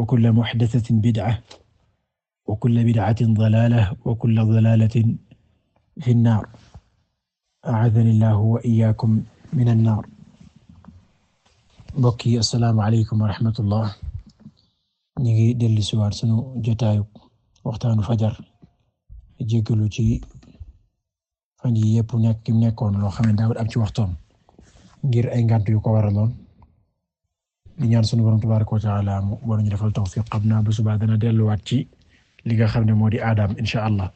wa kulla muhdathatin bid'a wa kulla bid'atin dalaala wa kulla dalaalatin fi nnaar a'aadhani llaahu wa iyyaakum mina nnaar mbokk yi assalaamu aleykum wa rahmatullah ñu ngi dellu si waat sunu jotaayu waxtaanu fajar jéggalu ci fan yi yëpp nekk kim nekkoon loo xam ne daawul am ci waxtoom ngir ay ngànt yu ko waraloon di ñaan sunu borom tabaaraka wa ta'ala mu war ñu defal naa ba subaa dana delluwaat ci li nga xam ne moo di aadaam incha allah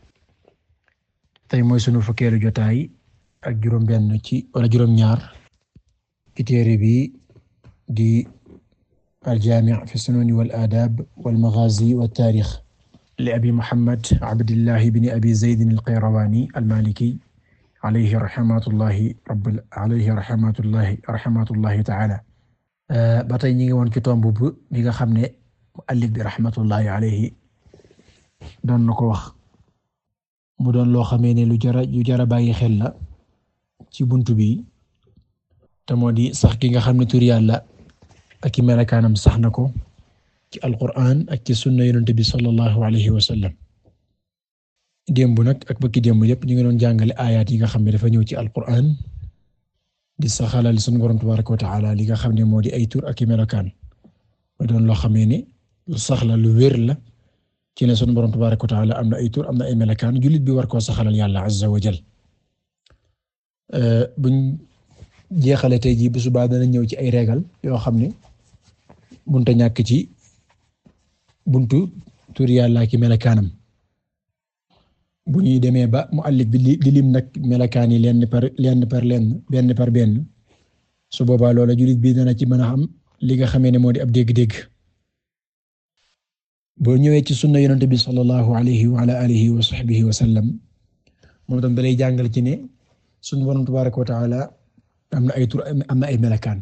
tey mooy sunu fukkeelu jotaay ak juróom ci wala juróom-ñaar ci téere bi di al-jaami' fi sunan wal aadaab wal maghaazi wat taarix li abi Muhammad Abdillahi bin abi Zayd al-Qayrawaani al-Maaliki alayhi rahmatullahi ta'ala Eh, ba tey ñu ngi woon ci tomb bu bi nga xam ne muallif bi rahmatullahi alayhi doon na ko wax mu doon loo xamee ne lu jara lu jara bàyyi xel la ci bunt bi te moo di sax gi nga xam ne tur la ak i sax na ko ci alquran ak ci sunna yonent bi sallallahu alayhi wa sallam démb nag ak bëkki démb yépp ñu ngi doon jàngale ayaat yi nga xam ne dafa ñëw ci alquran di saxalal sunu borom tabaraka wa taala li nga xam ne moo di ay tur ak i melokaan ba doon loo xamee ne lu sax la lu wér la ci ne sunu borom tabaraka wa taala am na ay tur am na ay melokaan jullit bi war koo saxalal yàlla azza wa jal buñ jeexalee tey jii bu subaa dana ñëw ci ay régal yoo xam ne mënut a ñàkk ci buntu tur yàlla ki melokaanam. bu ñuy demee ba mu muallif bi di lim nag melakaan yi lenn par lenn par lenn benn par benn su boobaa loola jullit bii dana ci mën a xam li nga xamee ne moo di ab dégg boo ñëwee ci sunna yonent bi sallallahu alayhi wa ala alihi wa sahbihi wa sallam moom tam dalay jàngal ci ne suñ borom tabaaraka wa taala am na ay tur am na ay melakaan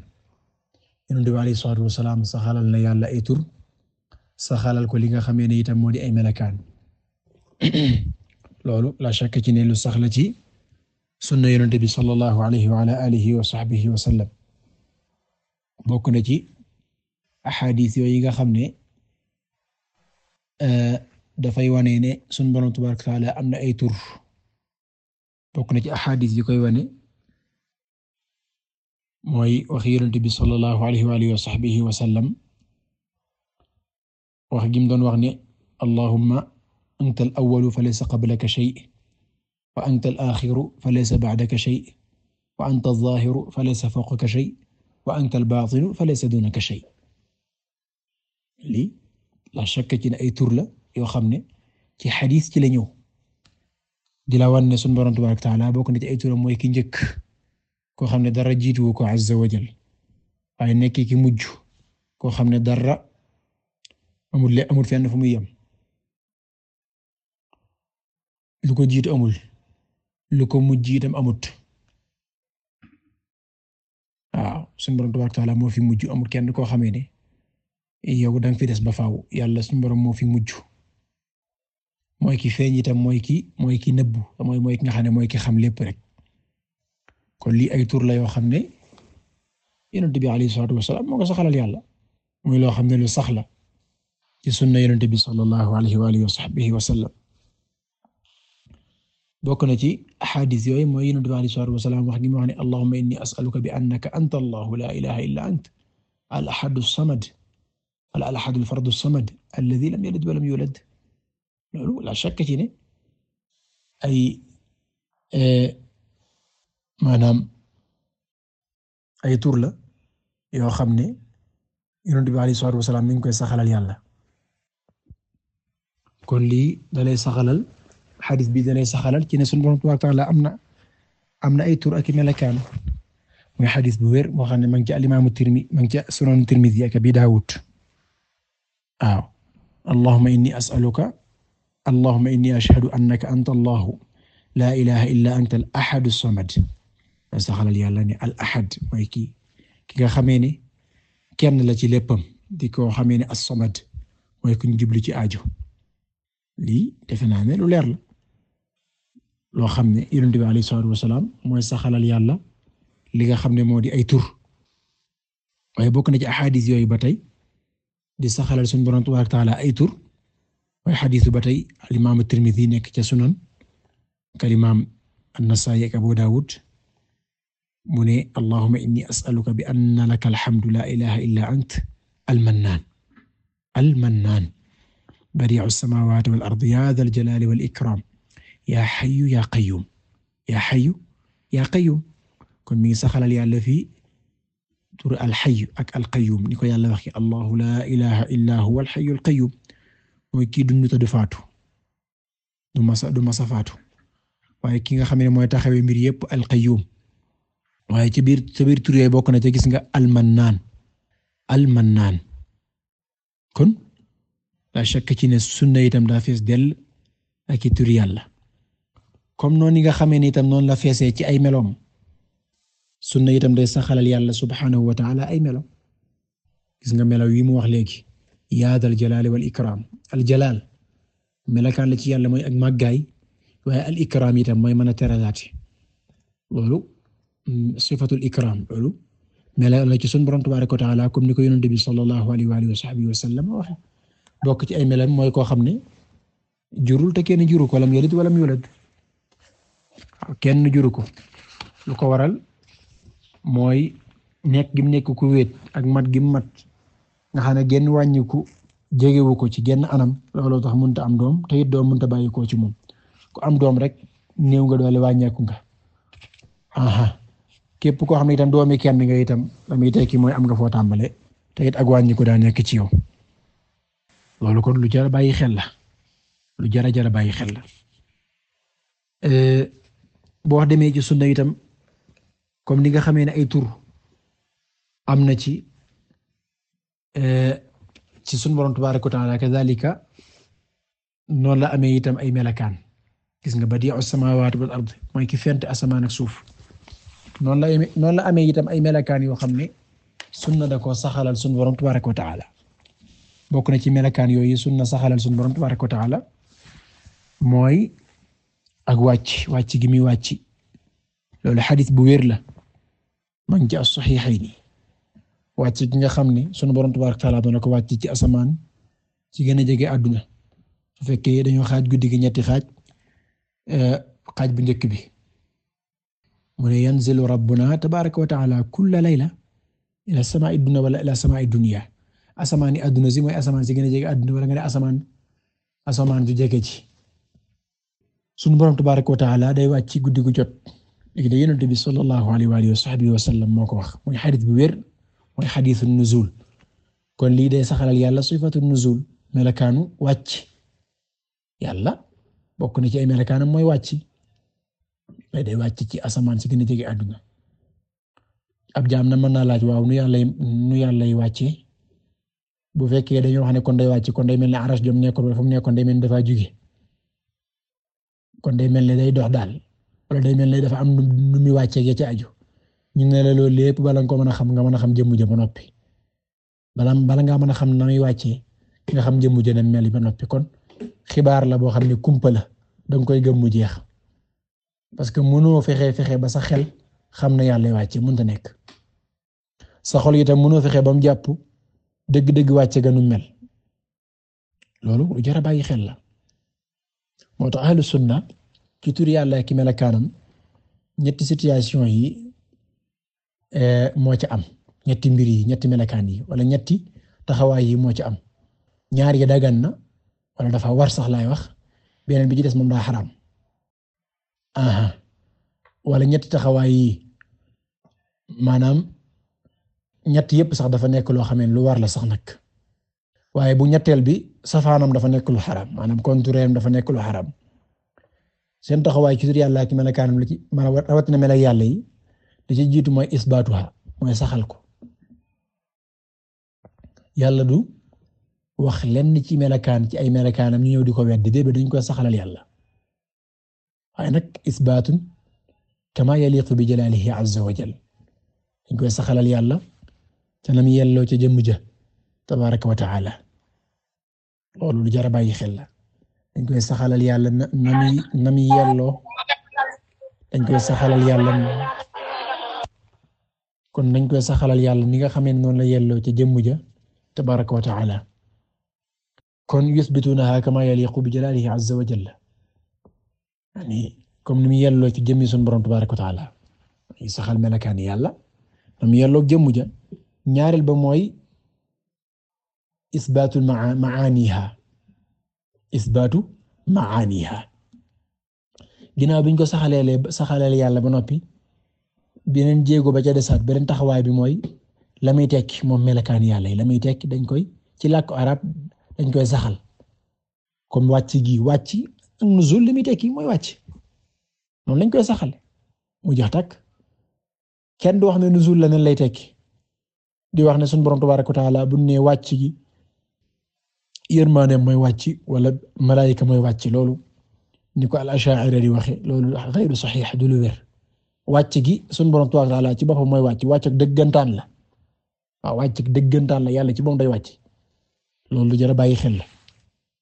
yonent bi alayhi salaatu wa na yàlla ay tur saxalal ko li nga xamee ne itam moo di ay melakaan loolu la shakka ci ne lu sax la ci sunna yonente bi sallallahu alayhi wa ala alihi wa sahbihi wa sallam na ci ahadis yooyu nga xam ne euh, dafay wane ne sunu borom tabaraka taala am na ay tur bokk na ci ahadis yi koy wane mooy waxi yonente bi sallallahu alayhi wa alihi wa anta al-awwalu falaysa qablaka shay wa anta al-aaxiru falaysa ba'daka shay wa anta az-zaahiru falaysa fawqaka shay wa anta al-baatinu falaysa duunaka shay lii la shakka ci ne ay tur la yoo xam ne ci xadiis ci la ñëw di la wan ne sunu Boroom tabaaraka wa ta'aala bokk na ci ay turam mooy ki njëkk koo xam ne dara jiituwu ko azza wa jal waaye nekk ki mujj koo xam ne dara amul le amul fenn fu muy yem lu ko jiit amul lu ko mujj itam amut waaw suñu borom tabaaraka taala moo fi mujj amul kenn koo xamee ne yow danga fi des ba faaw yàlla suñu borom moo fi mujj mooy ki feeñ itam mooy ki mooy ki nëbbu mooy mooy ki nga xam ne mooy ki xam lépp rek kon lii ay tur la yoo xam ne yonent bi alayhi salaatu wasalaam moo ko saxalal yàlla muy loo xam ne lu sax la ci sunna yonent bi sallallahu alayhi wa wa sahbihi wa bokk na ci ahadis yooyu mooy yonent bi alayhi salaatu wasalaam wax gi mu wax ne allahumma inni as'aluka bi annaka anta allah la ilaha illa ant al ahadu samad wala al ahadu al fardu samad alladhi lam yalid wa lam yulad loolu la shakk ci ne ay eh, maanaam ay tur la yoo xam ne yonent bi alayhi salaatu wasalaam mi ngi koy saxalal yàlla kon lii dalay saxalal xadis bi danay saxalal ci ne sunu borom tabaaraka taala am na am na ay tur ak i melokaan muy xadis bu wér moo xam ne ma ngi ci alimaamu tirmi ma ngi ci sunan tirmidi ak abi daawud waaw allahumma inni as'aluka allahumma inni ashhadu annaka anta allahu laa ilaha illa anta al ahadu samad da saxalal yàlla ne al ahad mooy kii ki nga xamee ne kenn la ci léppam di ko xamee ne as-samad mooy kuñ jublu ci aajo lii defe naa ne lu leer la loo xam ne yonent bi alayhi salaatu wasalaam mooy saxalal yàlla li nga xam ne moo di ay tur waaye bokk na ci axadis ba tey di saxalal suñu borom tabaaraka wa ay tur waaye xadisu ba tey al imaam Tirmidi nekk ca sunan ak al imaam An-Nasaa'i ak Abu Daawud mu ne allahumma inni as'aluka bi anna laka alhamdu laa ilaaha illaa anta al-mannaan al-mannaan badii'u yaa dhal jalaali wal yaa xayu yaa qayyum yaa xayu yaa qayyum kon mi ngi saxalal yàlla fii tur alxayu ak alqayyum ni ko yàlla waxi allahu laa ilaha alxayu alqayyum mooy kii dund te faatu du du masa faatu ki nga xam mooy taxawee mbir yépp alqayyum waaye ci biir ci biir tur yooyu bokk na ca gis nga almannaan almannaan kon la shakk ci ne sunna itam daa fees dell ak i tur comme noonu nga xamee ni tam noonu la feesee ci ay meloom sunna itam day saxalal yàlla subhanahu wa taala ay melo gis nga melo yi mu wax léegi yaada dal jalaali wal ikraam al jalaal la ci yàlla mooy ak màggaay waaye al ikraam itam mooy mën a teralaate loolu mm, sifatul loolu melo la ci sunu borom tabaaraka wa taala comme ni ko yonent bi sallallahu alayhi wa alihi wa bokk ci ay melam mooy koo xam ne jurul te kenn juru ko lam yalid walam yulad kenn juru ko lu ko waral mooy nekk gim nekk ku wéet ak mat gim mat nga xam ne genn wàññiku jegewu ko ci genn anam looloo tax mënta am doom te it doom mënta bàyyi koo ci moom ku am doom rek néew nga doole wàññeeku nga aha képp koo xam ne itam doomi kenn nga itam la muy tekki mooy am nga foo tàmbale te it ak wàññiku daa nekk ci yow loolu kon lu jar a bàyyi xel lu jar a jar a bàyyi xel la. Euh, boo demee ci sunna itam comme ni nga xamee ne ay tur am na ci eh, ci sunu borom tabaaraka wa ta'aala kazaalika noonu la amee itam ay melakaan gis nga badi'u samaawaati wal ard mooy ki fent asamaan ak suuf noonu la amee noonu la amee itam ay melakaan yoo xam ne sunna da koo saxalal sunu borom tabaaraka na ci melakaan yooyu sunna saxalal sunu borom tabaaraka wa mooy. ak wàcc wàcc gi mi wàcc loolu xadis bu wér la man ci as-saxiixayni wàcc gi nga xam ne sunu borom tabaaraka wa taala doon na ko wàcc ci asamaan ci gën a jege àdduna su fekkee dañoo xaaj guddi gi ñetti xaaj eh, xaaj bu njëkk bi mu ne yanzilu rabbuna tabaaraka wa taala kulla layla ila samaa'i dunya wala ila samaa'i dunya asamaani àdduna si mooy asamaan si gën a jege àdduna wala nga ne asamaan asamaan ju jege ci sunu borom tabaaraka wa ta'ala day wàcc guddi gu jot léegi da yonent bi sallallahu alayhi wa alihi wa sahbihi moo ko wax mooy xadis bu wér mooy xadisu nuzul kon lii day saxalal yàlla sifatu nuzul melakaanu wàcc yàlla bokk na ci ay mooy wàcc day wàcc ci asamaan si gën a àdduna ab jaam na mën naa laaj waaw yàlla nu yàlla yi wàccee bu fekkee dañoo wax ne kon day wàcc kon day mel ne aras jom nekkoon wala fu mu nekkoon day mel ne dafaa jóge kon day mel ne day dox daal wala day mel ne dafa am nu muy wàccee ge ci aju ñu ne la loolu lépp bala nga mën a xam nga mën a xam jëmmu ja ba noppi bala bala ngaa mën a xam na muy wàccee nga xam jëmmu ja mel yi ba noppi kon xibaar la boo xam ne kumpa la danga koy gëm mu jeex parce que mënoo fexe fexe ba sax xel xam na yàlla wàcce mënta nekk sa xol itam mënoo fexe ba mu jàpp dëgg-dëgg wàcce ga nu mel loolu lu jar xel la. moo tax ahlu sunna ci tur yàlla ki melakaanam ñetti situation yi eh, moo ci am ñetti mbir yi ñetti melakaan yi wala ñetti taxawaay yi moo ci am ñaar ya dagan na wala dafa war sax lay wax beneen bi ci des moom daa xaraam aha wala ñetti taxawaay yi maanaam ñett yépp sax dafa nekk loo xam ne lu war la sax nag waaye bu ñetteel bi safaanam dafa nekk lu xaram maanaam contraire dafa nekk lu xaram seen taxawaay ci tur yàlla ak melokaanam li ci man rawatina mel na yàlla yi li ci jiitu mooy isbaatuha mooy saxal ko yàlla du wax lenn ci melokaan ci ay melokaanam ñu ñëw di ko weddi déedéet dañ koy saxalal yàlla waaye nag isbaatun kama yaliqu bi jalaalihi azza wa jal dañ koy saxalal yàlla te nam yelloo ca jëmm ja loolu lu jar a xel la dañ koy saxalal yàlla na nami nami yelloo dañ koy saxalal yàlla kon dañ koy saxalal yàlla ni nga xamee noonu la yelloo ca jëmm ja tabaraka wa kon yusbitunaha kama yaliqu bi jalalihi azza wa jalla yani comme ni mu yelloo ci jëmmi sunu borom tabaraka saxal melakaan yàlla am yelloo jëmm ja ñaareel ba mooy isbaatu maaniha isbaatu maaniha ginaaw biñ ko saxaleele saxaleel yàlla ba noppi beneen jéego ba ca desaat beneen taxawaay bi mooy la muy tekki moom melakaan yàlla yi la muy tekki dañ koy ci làkk arab dañ koy saxal comme wàcc gi wàcc ak nuzul li muy tekki mooy wàcc noonu lañ koy saxal mu jox takk kenn du wax ne nuzul la nen lay tekki di wax ne sunu borom tabaaraka wa taala bu ne wàcc gi yërmaande mooy wàcc wala malaayika mooy wàcc loolu ni ko al Ash'ari di waxe loolu xayru saxiix du lu wér wàcc gi sunu borom tabaaraka wa taala ci boppam mooy wàcc wàcc ak dëggantaan la waaw wàcc ak dëggantaan la yàlla ci boppam day wàcc loolu lu jar a bàyyi xel la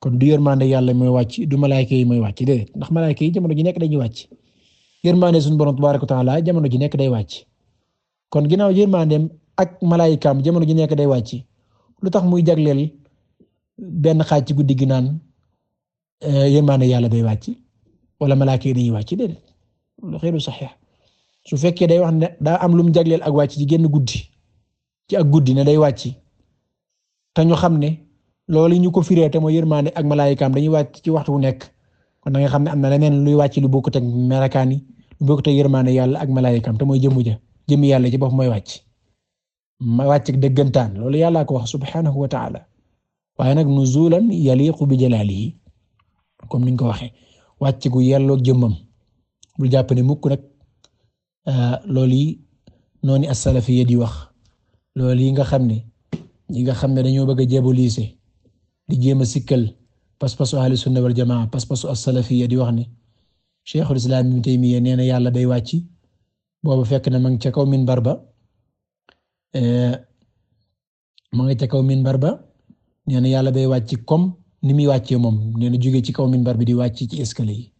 kon du yërmaande yàlla mooy wàcc du malaayika yi mooy wàcc déedéet ndax malaayika yi jamono ji nekk dañuy wàcc yërmaande sunu borom tabaaraka wa taala jamono ji nekk day wàcc kon ginnaaw yërmaandeem ak malaayikaam jamono ji nekk day wàcc lu tax muy jagleel. benn xaaj ci guddi gi naan euh, yërmaande yàlla day wàcc wala malaaka yi dañuy wàcc déedéet lu xëyru saxiix su fekkee day wax ne daa am lu mu jagleel ak wàcc ci génn guddi ci ak guddi ne day wàcc te ñu xam ne loolu ñu ko firee te mooy yërmaande ak malaayikaam dañuy wàcc ci waxtu wu nekk kon da nga xam ne am na leneen luy wàcc lu bokkut ak merakaan yi lu bokkut ak yërmaande yàlla ak malaayikaam te mooy jëmmu ja jëmmi yàlla ci bopp mooy wàcc ma wàcc dëggantaan loolu yàllaa ko wax subhaanahu wa waaye nag nuzulan yaliqu bi jalaalihi comme ni nga ko waxee wàcc gu yelloo jëmmam bul jàpp ne mukk nag ah, loolu yi noonu as-salafiyya di wax lool yi nga xam ne ñi nga xam ne dañoo bëgg a diaboliser di jéem a sikkal pas-pasu ahlu sunna wal jamaa pas-pasu as-salafiyya di wax ne Cheikhul Islam Ibn Taymiyya nee na yàlla day wàcc boobu fekk na ma ngi ca kaw minbar ba eh, ma ngi ca kaw minbar ba nee na yàlla day wàcc comme ni muy wàccee moom nee na jóge ci kaw minbar bi di wàcc ci escalier yi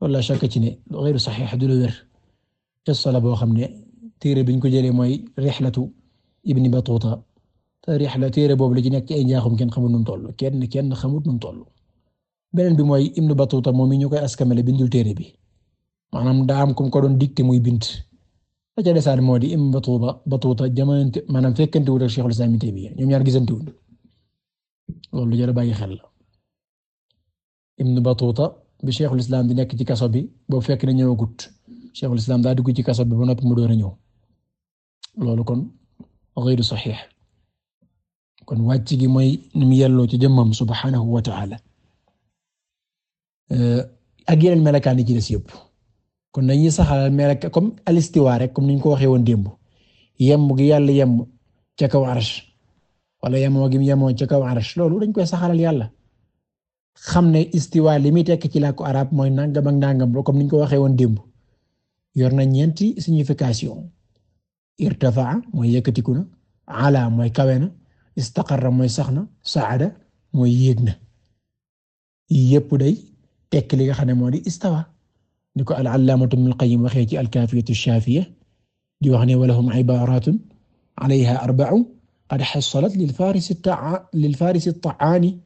wala chaque ci ne xeyru saxiix du la wér qissa la boo xam ne téere biñ ko jëlee mooy rixlatu ibni batuta te rixla téere boobu la ci nekk ci ay njaaxum kenn xamut nu mu toll kenn kenn xamut nu mu toll beneen bi mooy ibni batuta moom mi ñu koy askamele bindul téere bi maanaam daa am kum ko doon dicté muy bind la ca desaat moo di ibni batuta batuta jamonante maanaam fekkante wut ak cheikhul islam Ibn ñoom ñaar gisante wuñ loolu lu jar bàyyi xel la Ibn Batuta bi cheikhul islam di nekk ci kaso bi boobu fekk na ñëwagut cheikhul islam daa dugg ci kaso bi ba noppi mu door a ñëw loolu kon ghayru sahih kon wàcc gi mooy ni mu yelloo ci jëmmam subhanahu wa eh, ak yeneen melakaan yi ci des yëpp kon dañuy saxal melaka comme al rek comme ni ñu ko waxee woon démb yemb gi wala yemoo gi mu yemoo ci kaw arash loolu dañ koy saxalal yàlla xam ne istiwa li muy tekk ci làkku arab mooy nangam ak nangam ba comme ñu ko waxee woon démb yor na ñeenti signification irtafaa mooy yëkkatiku na ala mooy kawe na istaqarra mooy sax na saada mooy yéeg na yépp day tekk li nga xam ne moo di istawa ni ko al-allaamatu ibnul qayyim waxee ci al-kaafiyatu shaafiya di wax ne walahum ibaratun alayha arba'u قد حصلت للفارس التع... للفارس الطعان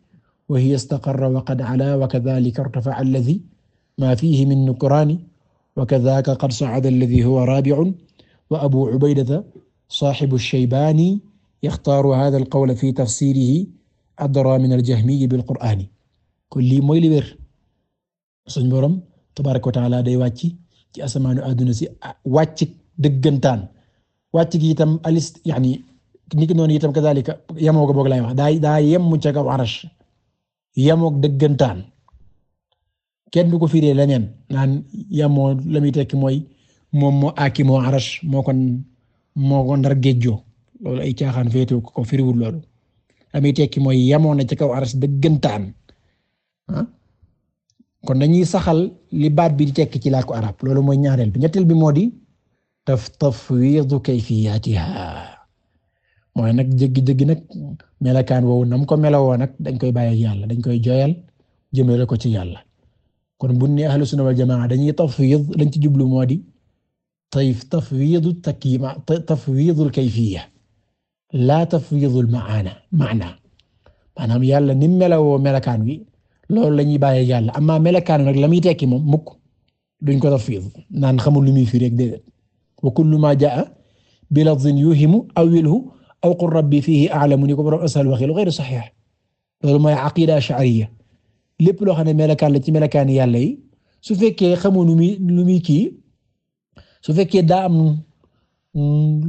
وهي استقر وقد علا وكذلك ارتفع الذي ما فيه من نكران وكذاك قد صعد الذي هو رابع وأبو عبيدة صاحب الشيباني يختار هذا القول في تفسيره أدرى من الجهمي بالقرآن kon lii mooy li wér suñ borom tabaraka wa taala day wàcc ci asamaanu àdduna si wàcc dëggantaan wàcc gi itam alis yani ni ki noonu itam kazalika yemoo ko boog laay wax daa daa yem ca kaw arash yemoog dëggantaan kenn du ko firee leneen naan yemoo la mooy moom moo aaki moo arash moo kon moo ko ndar géejjoo loolu ay caaxaan féetu ko firiwul loolu la muy tekki mooy yemoo na ca kaw arash dëggantaan ah? kon dañuy saxal li baat bi di tekki ci làkku arab loolu mooy ñaareel bi ñetteel bi moo di taf tafwiidu kayfiyaatiha mooy nag jéggi-jéggi nag melakaan woowu nam ko melawoo nag dañ koy bàyyi yàlla dañ koy joyal jëmale ko ci yàlla kon bu ne ahlu sunna wal jamaa dañuy tafwid lañ ci jublu moo di tayf tafwidu takiima tafwidul kayfiya laa tafwidul maana maana maanaam yàlla ni melawoo melakaan wi loolu la ñuy bàyyi yàlla amaa melakaan nag la muy tekki moom mukk duñ ko tafwid naan xamul lu muy firi rek déedéet wa kullu ma jaa bi lafzin yuhimu awilhu aw qul rabbi fiihi a'lamu ni ko borom asal waxee lu ghayru sahih loolu mooy aqida ash'ariyya lépp loo xam ne melakaan la ci melakaan yàlla su fekkee xamoo nu muy lu muy kii su fekkee daam am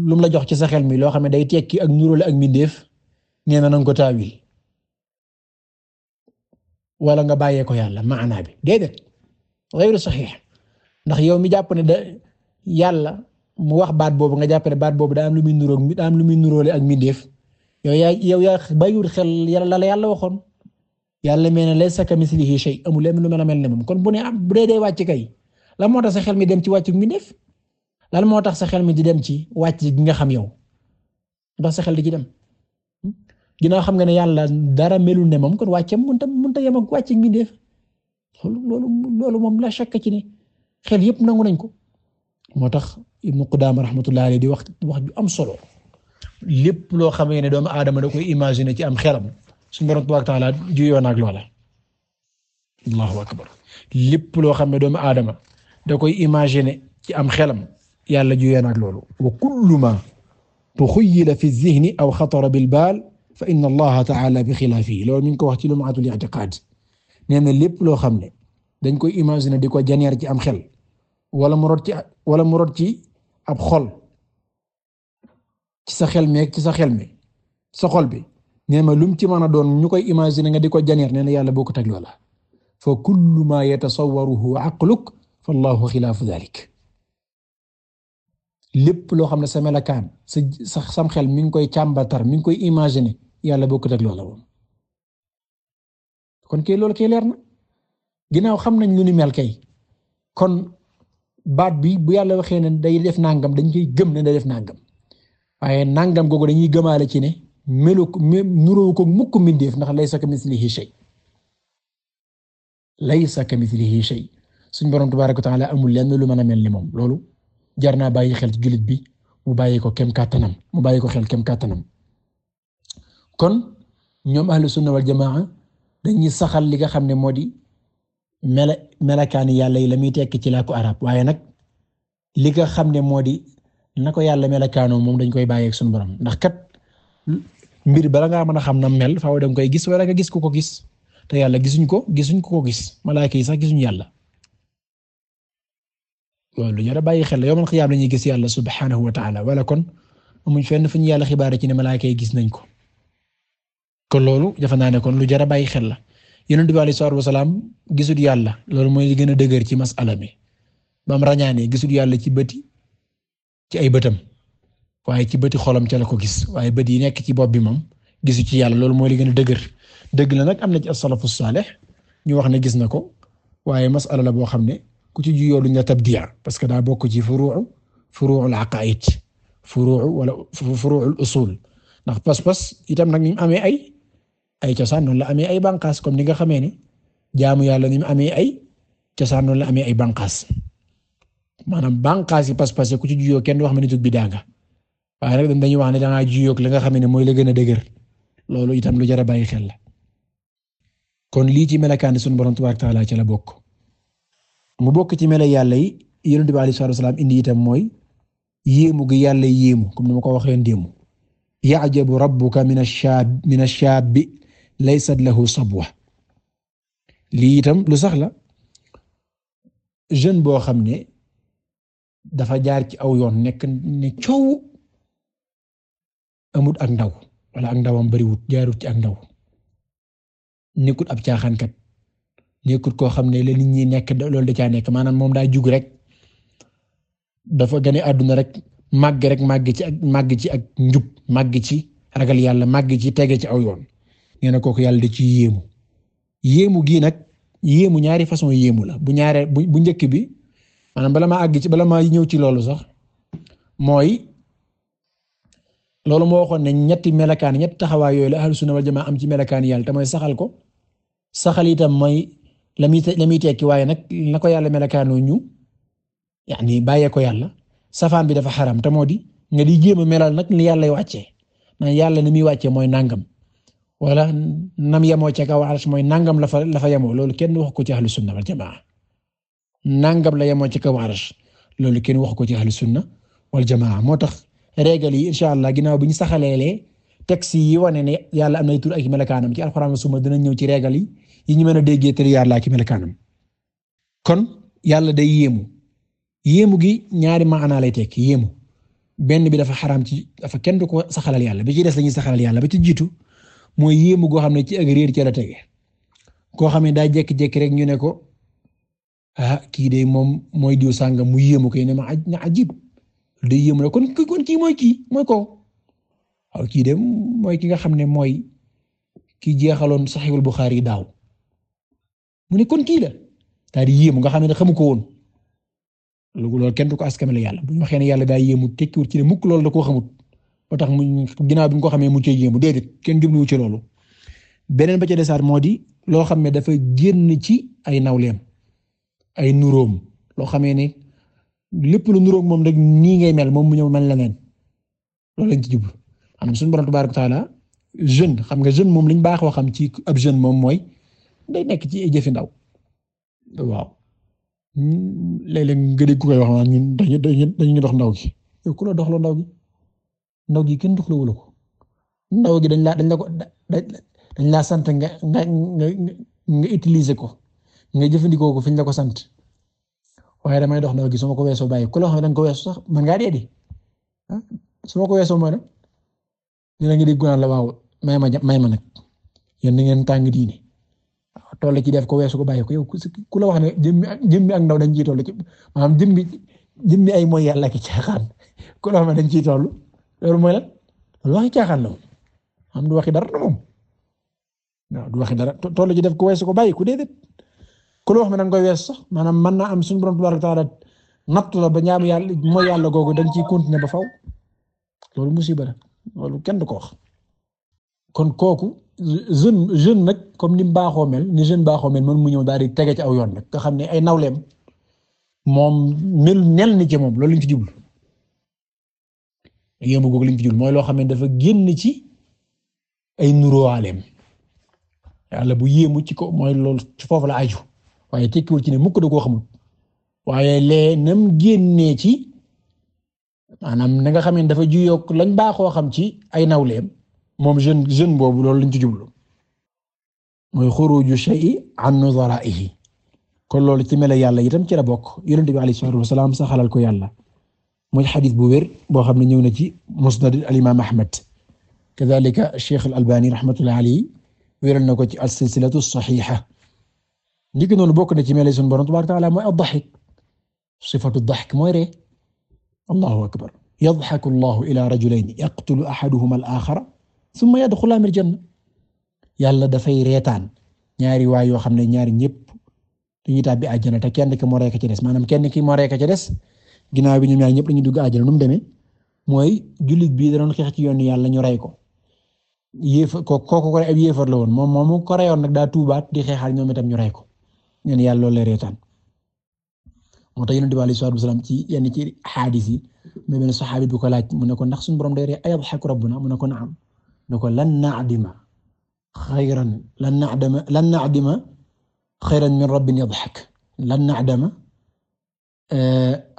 lu mu la jox ci sa xel mi loo xam ne day tekki ak nuróole ak mindeef nee na nanga ko taawil wala nga bàyyee ko yàlla maanaa bi déedéet ghayru sahih ndax yow mi jàpp ne da mu wax baat boobu nga jàpp baat boobu daan lu muy nuróog daa am lu muy nuróole ak mbindeef yow yaa yow yaa bàyyiwul xel yàlla la yàlla waxoon yàlla mel ne laysa kamislihi shay amul lenn lu mel ne moom kon bu ne am bu dee dee wàcc kay lan moo tax sa xel mi dem ci wàcc mbindeef lan moo tax sa xel mi di dem ci wàcc gi nga xam yow ndax sa xel di ci dem ginnaaw xam nga ne yàlla dara melul ne moom kon wàccam mënta mënta yem ak wàcc mbindeef loolu loolu moom la chàkk ci ne xel yëpp nangu nañ ko moo tax. Ibnu Qudaama rahmatullahi alayhi di wax wax ju am solo lépp loo xamee ne doomu aadama da koy imaginer ci am xelam suñu borom tabaaraka wa taala juyoo na ak loola. allahu akbar lépp loo xam ne doomu aadama da koy imaginer ci am xelam yàlla juyoo na ak loolu. wa kullu ma tuxayyala fi zihni aw xatara bil baal fa inna allaha taala bi xilaafihi loolu mi ngi ko wax ci lumaatul i'tiqaad nee na lépp loo xam ne dañ koy imaginer di ko janeer ci am xel wala mu rot ci wala mu rot ci. ab xol ci sa xel mi ci sa xel mi sa xol bi nee ma lu mu ci mën a doon ñu koy imaginer nga di ko janeer nee na yàlla boo ko teg loola fa kullu ma yatasawwaruhu aqluk fa allahu xilaafu dalik lépp loo xam ne sa melakaan sa sam xel mi ngi koy càmbatar mi ngi koy imaginer yàlla boo ko teg loola woon kon kay loolu kay leer na ginnaaw xam nañ lu mel kay kon baat bi bu yàlla waxee ne day def nangam dañ koy gëm ne day def nangam waaye nangam googu dañuy gëmaale ci ne melu nuroo ko mukk mbindeef ndax laysa kamislihi shay laysa kamislihi shay suñ borom tabaaraka wa taala amul lenn lu mën a mel ni moom loolu jar naa bàyyi xel ci jullit bi mu bàyyi ko kem kàttanam mu bàyyi ko xel kem kàttanam kon ñoom ahlu sunna wal jamaa dañuy saxal li nga xam ne moo di mele melakaani yàlla yi la muy tekki ci làkku arab waaye nag li nga xam ne moo di na ko yàlla melakaanoo moom dañ koy bàyyeeg suñu borom ndax kat mbir bala ngaa mën a xam na mel faaw da nga koy gis wala gis ku ko gis te yàlla gisuñ ko gisuñ ku ko gis malaaka yi sax gisuñ yàlla loolu jar a bàyyi xel la yawmal qiyaam gis yàlla subhaanahu wa taala wala kon amuñ fenn fu yàlla xibaare ci ne malaaka yi gis nañ ko kon loolu defe naa ne kon lu jar a bàyyi xel la. yonent bi alayhi salaatu wasalaam gisul yàlla loolu mooy li gën a dëgër ci masala mi bam rañaanee gisul yàlla ci bëti ci ay bëtam waaye ci bëti xolam ca ko gis waaye bët yi nekk ci bopp bi moom gisu ci yàlla loolu mooy li gën a dëgër dëgg la nag am na ci as-salafu saalih ñu wax ne gis na ko waaye masala la boo xam ne ku ci juyoo duñ la tabdiya parce que daa bokk ci furuu furuul aqaid furuu wala furuul usul ndax pas-pas itam nag ñu amee ay ay cosaan noonu la amee ay bànqaas comme ni nga xamee ni jaamu yàlla ni mu amee ay cosaan noonu la amee ay bànqaas maanaam bànqaas yi pas-pas yi ku ci juyoo kenn du wax ne nitu bidaa nga waaye nag dañuy wax ne da ngaa juyoo ak nga xam ne mooy la gën a dëgër loolu itam lu jar a bàyyi xel la kon lii ci melokaani sunu borom tabaaraka ta'aala ci la bokk mu bokk ci melo yàlla yi yonent bi sallallahu alayhi wasallam indi itam mooy yéemu gi yàlla yéemu comme ni ma ko waxee démb ya'jabu rabbuka min ash-shaab laysat lahu wa lii itam lu sax la jeune boo xam ne dafa jaar ci aw yoon nekk ne coow amut ak ndaw wala ak ndawam bariwut jaarut ci ak ndaw nekkut ab caaxaankat nekkut koo xam ne la nit ñi nekk loolu da caa nekk maanaam moom daa jug rek dafa gane àdduna rek màgg rek màgg ci ak màgg ci ak njub màgg ci ragal yàlla màgg ci tege ci aw yoon nee na kooku yàlla da ci yéemu yéemu gii nag yéemu ñaari façon yéemu la bu ñaare bu njëkk bi maanaam bala maa àgg ci bala maa ñëw ci loolu sax mooy loolu moo waxoon ne ñetti melakaan ñetti taxawaay yooyu la ahlu sunna wal jamaa am ci melakaan yàlla te mooy saxal ko saxal itam mooy la muy la muy tekki waaye nag na ko yàlla melakaanoo ñu yaani bàyyee ko yàlla safaan bi dafa xaram te moo di nga di jéem a melal nag ni yàlla lay wàccee yàlla ni muy wàccee mooy nangam wala nam yamoo ca kaw arsh mooy nangam la fa la fa yamoo loolu kenn waxu ko ci ahlu sunna wal jamaa nangam la yamoo ci kaw arsh loolu kenn waxu ko ci ahlu sunna wal jamaa moo tax régal yi incha allah ginnaaw bi ñu saxaleelee texte yi wane ne yàlla am nay tur ak melakaanam ci alxuraan suma dina ñëw ci régal yi yi ñu mën a déggee tur laa ak melakaanam kon yàlla day yéemu yéemu gi ñaari maanaa lay tekki yéemu benn bi dafa xaraam ci dafa kenn du ko saxalal yàlla bi ci des lañuy saxalal yàlla bi ci jiitu. mooy yéemu goo xam ne ci ak réer ca la tege koo xam ne daa jékki-jékki rek ñu ne ko ah kii de moom mooy diw sàngam mu yéemu kay ne ma na ajib day yéemu ne kon kon kii mooy kii mooy ko waaw kii de mooy ki nga xam ne mooy ki jeexaloon Saxiixul Buxaari daaw mu ne kon kii la daal di yéemu nga xam ne xamu ko woon loolu kenn du ko askamale yàlla bu ñu waxee ne yàlla daa yéemu tekkiwut ci ne mukk loolu da koo xamut. ba tax mu ginnaaw bi nga ko xamee mu cee yéemu déedéet kenn jubluwu ci loolu beneen ba ca desaat moo di loo xam ne dafa génn ci ay nawleem ay nuroom loo xamee ne lépp lu nuróom moom rek nii ngay mel moom mu ñëw mel leneen loolu lañ ci suñ maanaam suñu borom tabaaraka taala jeune xam nga jeune moom liñ baaxoo xam ci ab jeune moom mooy day nekk ci ay jëfi ndaw waaw léeg-léeg nga dégg ku koy wax naan ñun dañuy dañuy dox ndaw gi ku la doxloo ndaw gi. ndaw gi kenn doxalewul ko ndaw gi dañ laa dañ la ko dañ laa sant nga nga nga nga utiliser ko nga jëfandikoo ko fi ñu ko sant waaye damay dox ndaw gi su ko weesoo bàyyi ku la xam ne danga sax mën ngaa de ah, su ma ko weesoo mooy nag dina ngi di gunaan la waaw may ma may ma nag yéen ni ngeen tàng diine toll ci def ko weesu ko bàyyi ko ku la wax ne jëmmi ak jëmmi ndaw dañ ciy toll maanaam jëmmi jëmmi ay mooy yàlla ki caaxaan ku la wax ne dañ ciy toll. loolu mooy la loolu waxi caaxaan la moom am du waxi dara na moom waaw du waxi dara tollu ci def ko weesu ko bàyyi ku dee déedéet ku loo xam ne da koy wees sax maanaam mën na am suñu borom tabaaraka taala nattu la ba ñaam yàlla mooy yàlla googu da nga ciy continuer ba faw loolu mu musiba la loolu kenn du ko wax kon kooku jeune jeune nag comme ni mu baaxoo mel ni jeune baaxoo mel man mu ñëw daal di tegee ci aw yoon nag nga xam ne ay nawleem moom mel nel ni ci moom loolu lañ ci jublu yéemu googu liñ ci mooy loo xam ne dafa génn ci ay nuróowaaleem yàlla bu yéemu ci ko mooy lool ci foofu la aju waaye tekkiwul ci ne mukk da koo waaye lee nam génnee ci maanaam na nga xam ne dafa juyoo lañ baaxoo xam ci ay nawleem moom jeune jeune boobu loolu lañ ci jublu mooy xuruju shay'i an nuzara'ihi kon loolu ci mel yàlla itam ci la bokk yonent bi alayhi salaatu wasalaam saxalal ko yàlla. muy xadis bu wér boo xam ne ñëw na ci musnad al imam ahmad kadalika cheikh al albani rahmatullah alayhi wéral na ko ci al silsilatu saxiixa ndik noonu bokk na ci mel sunu borom tabaaraka wa taala mooy ad-daxik sifatu ad-daxk mooy ree allahu akbar yadxaku allahu ila rajulayni yaqtulu axaduhuma al axara summa yadxulaani al janna yàlla dafay reetaan ñaari waay yoo xam ne ñaari ñëpp dañuy tàbbi àjjana te kenn ki moo ree ka ci des maanaam kenn ki moo ree ka ci des ginnaaw bi ñoom ñaar ñëpp dañuy dugg àjjana nu mu demee mooy jullit bii da doon xeex ci yoon yàlla ñu rey ko yéefar ko kooku ko ab yéefar la woon moom moomu ko reyoon nag daa tuubaat di xeexaat ñoom itam ñu rey ko ñu ne yàlla loolu lay reetaan moo tax yonent bi alayhi salaatu wasalaam ci yenn ci xaadis yi mais benn saxaabi bi ko laaj mu ne ko ndax suñu borom day ree ayadxaku na mu ne ko naam ne ko lan naadima xayran lan naadima lan na naadima xayran min rabbin yadxak lan naadama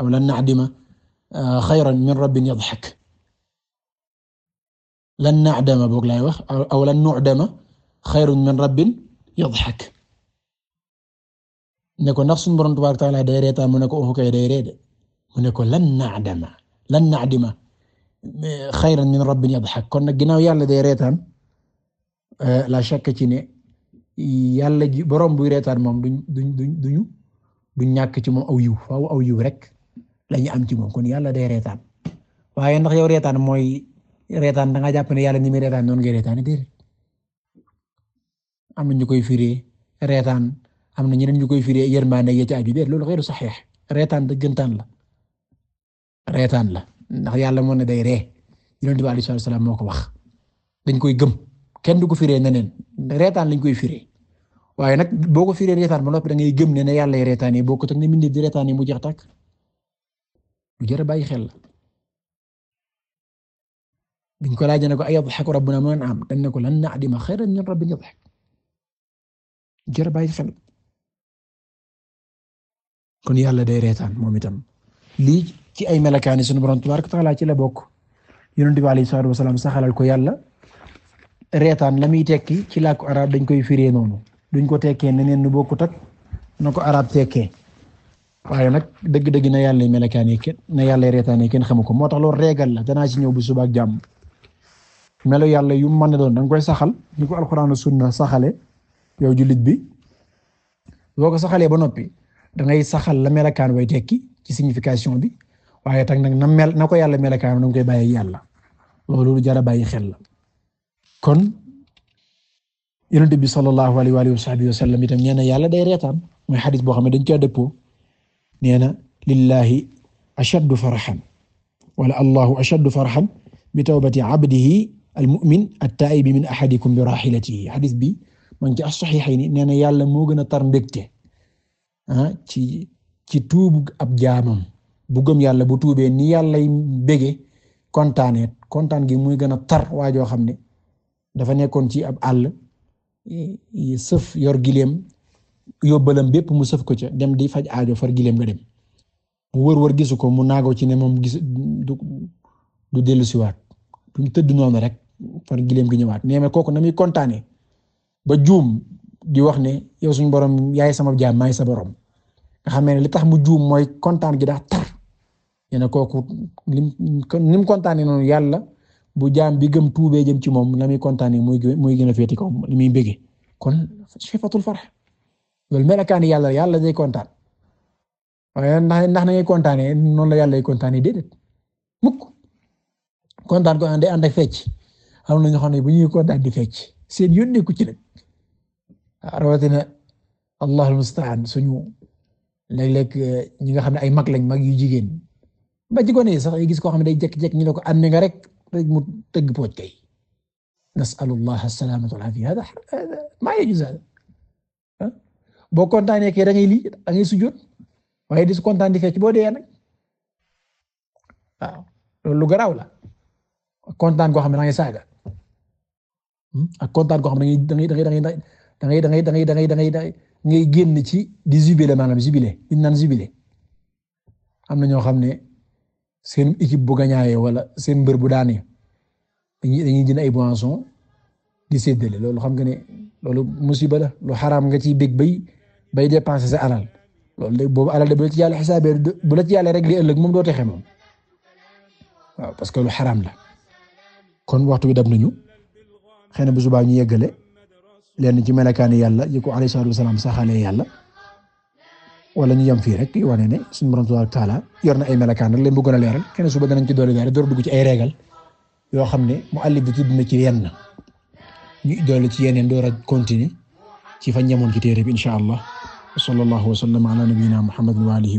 aw lan na'dima xayran min rabbin yadhak lan na'dama boog laay wax aw lan nu'dama xayrun min rabbin yadhak ne ko ndax suñu borom tabaaraka wa ta'aala day reetaan mu ne ko kay day reede mu ne ko lan na'dama lan na'dima xayran min rabbin yadhak kon nag ginnaaw yàlla day reetaan la shakka ci ne yàlla ji borom buy reetaan moom duñ duñ duñu du ñàkk ci moom aw yiw aw yiw rek lañu am ci moom kon yàlla day reetaan waaye ndax yow reetaan mooy reetaan da nga jàpp ne yàlla ni muy reetaan noonu ngay reetaan déedéet am ñu koy firee reetaan am na ñeneen ñu koy firee yërmaande ya ci aju déet dëggantaan la reetaan la ndax yàlla moo ne day ree yonent bi sallallahu alayhi wasallam moo ko wax dañ koy gëm kenn du ko firee neneen reetaan lañ koy firee waaye nag boo ko firee reetaan ba noppi da ngay gëm ne ne yàlla yi boo ko teg ne mbindeef di reetaane mu jeex tàkk lu a bàyyi xel la biñ ko laajee ne ko ayadhaku rabbuna mu ne dañ ne ko lan na'dima khayran min rabbin yadhak jar a bàyyi xel kon yàlla day reetaan moom itam lii ci ay melakaani sunu borom tabaaraka wa ta'aala ci la bokk yonent bi alayhi salaatu wa salaam saxalal ko yàlla reetaan la muy tekki ci làkku arab dañ koy firee noonu. duñ ko tekkee neneen nu bokkut ak na ko arab tekkee waaye nag dëgg-dëgg na yàlla yi kenn na yàlla reetaane kenn xamu ko moo tax loolu régal la danaa ci ñëw bu suba ak jàmm melo yàlla yu mën na doon da nga koy saxal ni ko alxuraan sunna saxale yow jullit bi boo ko saxalee ba noppi da saxal la melakaan way tekki ci signification bi waaye tag nag na mel na ko yàlla melakaan da nga koy bàyyi yàlla loolu lu jar a bàyyi xel la kon. yonent bi sallallahu alayhi wa alihi wa sahbihi wa sallam itam nee na yàlla day reetaan mooy xadis boo xam ne dañ caa dëppoo nee na lillahi ashaddu faraxan wala allahu ashaddu faraxan bi tawbati abdihi almu'min at-taa'ibi min ahadikum bi raahilatihi xadis bi man ci as-saxiixayni nee na yàlla moo gën a tar mbégte ah ci ci tuubu ab jaamam bu gëm yàlla bu tuubee ni yàllay bége kontaanee kontaan gi muy gën a tar waa joo xam ne dafa nekkoon ci ab àll sëf yor gileem yóbbalam bépp mu sëf ko ca dem di faj aajo far gileem nga dem mu wër wër gisu ko mu naagoo ci ne moom gis du du dellu siwaat duñ tëdd noonu rek far gileem gi ñëwaat nee na kooku na muy kontaane ba juum di wax ne yow suñu borom yaay sama jaam maay sa borom nga xam ne li tax mu juum mooy kontaan gi daa tar nee na kooku lim ni noonu yàlla. bu jaam bi gëm tuubee jëm ci moom la muy kontaanee muy gën a féeti kaw muy bëgg kon sifatul farx loolu melakaani yàlla yàlla day kontaan waaye ndax ndax na ngay kontaanee noonu la yàlla day kontaanee déedéet kontaan ko day ànd ak fecc am xam ne bu ñuy kontaan di fecc seen yónnee ku ci nag ah, rawatina allah almustaan suñu léeg-léeg eh, ñi nga xam ne ay mag lañ mag yu jigéen ba ci gone sax gis koo xam ne day jekk-jekk ñu ne ko ànd rek rek mu tëgg pooj kay nasalullah asalaamata wal afiya hada maa yajuz hada boo kontaanee kay da ngay lii da ngay sujjóot waaye di su kontaan di fecc boo dee nag waaw loolu lu garaaw la kontaan goo xam ne da ngay saaga hmm? ak kontaan goo xam ne da ngay da ngay da ngay da ngay da ngay da ngay da ngay da ngay da ngay génn ci di jubilé maanaam jubilé li ñu naan jubilé am na ñoo xam ne. seen équipe bu gañaayee wala seen mbër bu daanee dañuy dañuy jënd ay boissons di séddale loolu xam nga ne loolu musiba la lu xaraam nga ciy bég bay bay dépenser sa alal loolu de boobu alal de bu la ci yàlla xisaabee bu la ci yàlla rek li moom doo texe moom waaw que lu la kon waxtu bi dab nañu xëy na bu subaa ñu yeggale lenn ci melokaani yàlla yi ko alayhi salaatu wasalaam yàlla. wala ñu yem fii rek di wane ne suñu borom subhanahu wa ta'ala yor na ay melokaan rek leen bëggoon a leeral kenn suba danañ ci doole weer door dugg ci ay régal yoo xam ne muallif bi tudd na ci yenn doole ci yeneen door a continuer ci fa ñamoon ci téere bi insha Allah sallallahu wa sallama ala nabiyyina Muhammadin wa alihi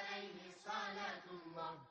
صلاة الله